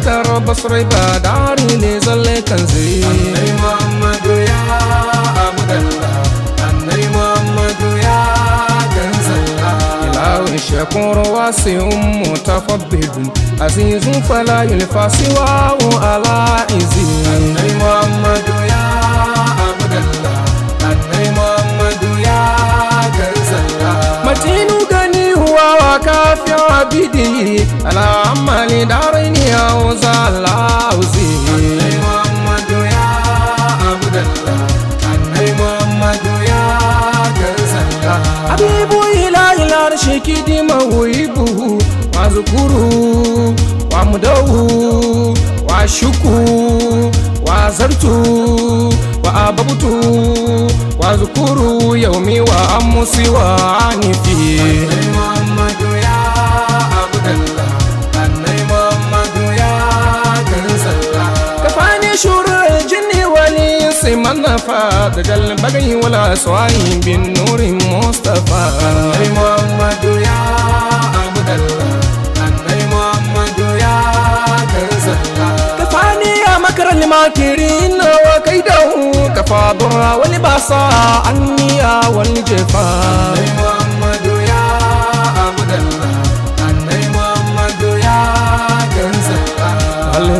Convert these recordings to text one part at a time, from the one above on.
tara basrai ba dari ne zalle kan zai annai muhammadu ya abdallah annai muhammadu ya ganzalla ilawin shakur wasi ummu tafabbidun azizun fala yulfa siwa wa ala izi annai muhammadu ya abdallah annai muhammadu ya ganzalla matinu gani huwa wa kafin abidi ala amali da sallahu zai Muhammadu ya Abdullah Annai Muhammadu ya Garzallah Habibu ilahi wa wa shuku wa wa wa zukuru yaumi wa amusi wa anifi mallafa da jalbagai wala bin nurin mustapha annai muhammadu ya abdallah annai muhammadu ya ka wa kai ka wani basa an niya wani jefa annai muhammadu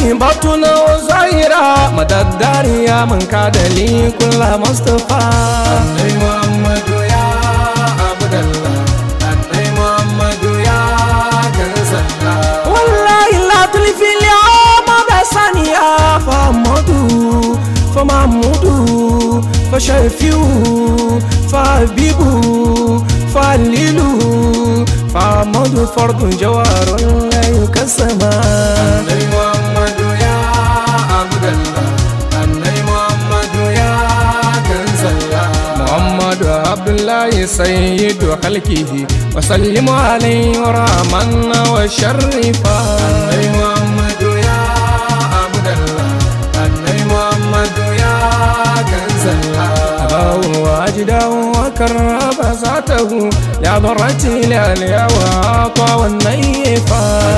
himatu na zaira madaddariya mun ka dali kula mustafa annai muhammadu ya abdallah annai muhammadu ya garzalla wallahi la tulfi li amada fa mudu fa mahmudu fa shafiu fa habibu fa lilu fa mudu fardun jawarun la yukasama annai سيد خلقه وسلم عليه رحما وشرفا أني محمد يا عبد الله أني محمد يا كنز الله أباه وأجده وكرب ذاته لعبرة الهلال وعطى والنيفا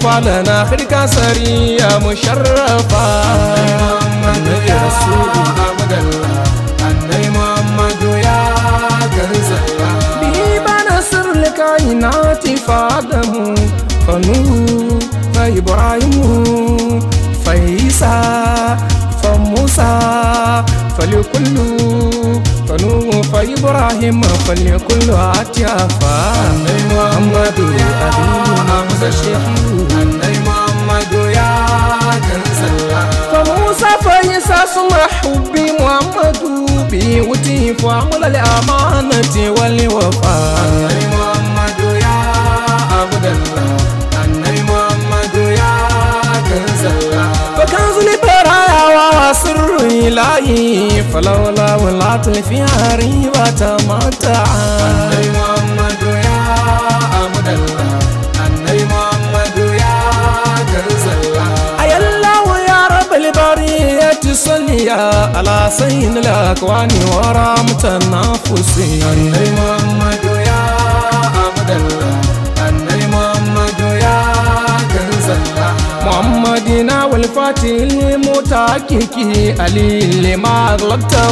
فالنا خلقا سريا مشرفا النبي رسول أحمد الله النبي محمد يا كنز الله بيبا نصر الكائنات فادم فنور فإبراهيم فإيسى فموسى فلكل فنوح فإبراهيم فلكل أتيافا محمد ابي محمد الشيخ محمد يا كنز الله فموسى فإيسى صلح بمحمد بيوتي فعمل الأمانة falaula wala tafiya riba ta mata annai muhammadu ya amudalla annai muhammadu ya garzalla ala lakwani nafusi annai muhammadu ya Fati ne mota kiki alille ma glakta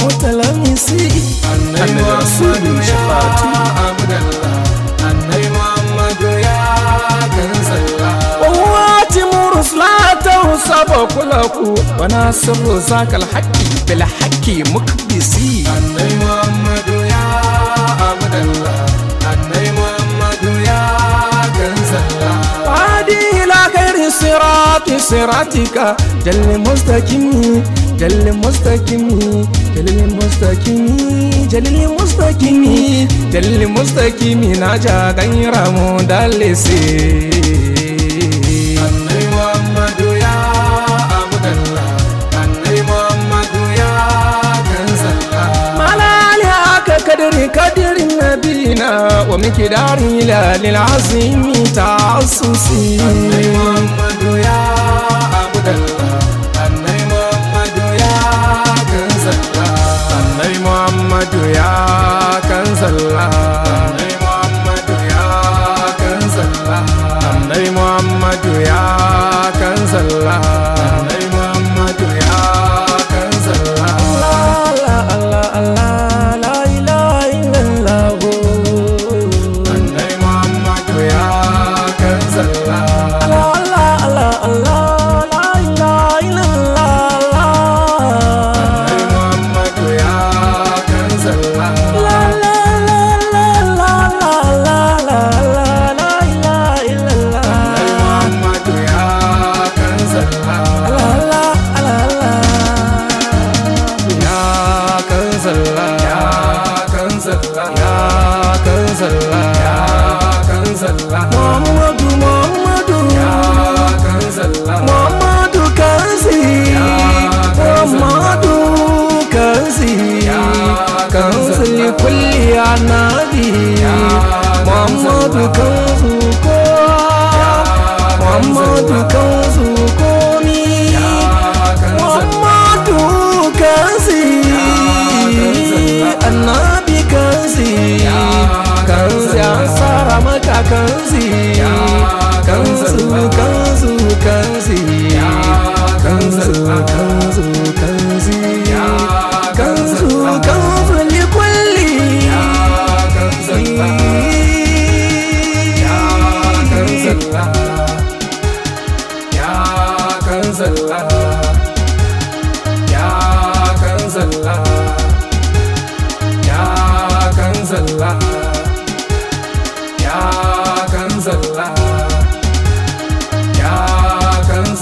mota lamisi annai ma sani shafati abdallah annai muhammad ya dan sallah wati murslata sabo kulaku wana sabu zakal hakki bil hakki mukbisi annai siratika jalil mustaqimi jalil mustaqimi jalil mustaqimi jalil mustaqimi jalil mustaqimi na ja gaira mu dalisi kadiri kadirin nabina wa mikidari lalil azimi ta asusi Annai Muhammadu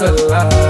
a lie.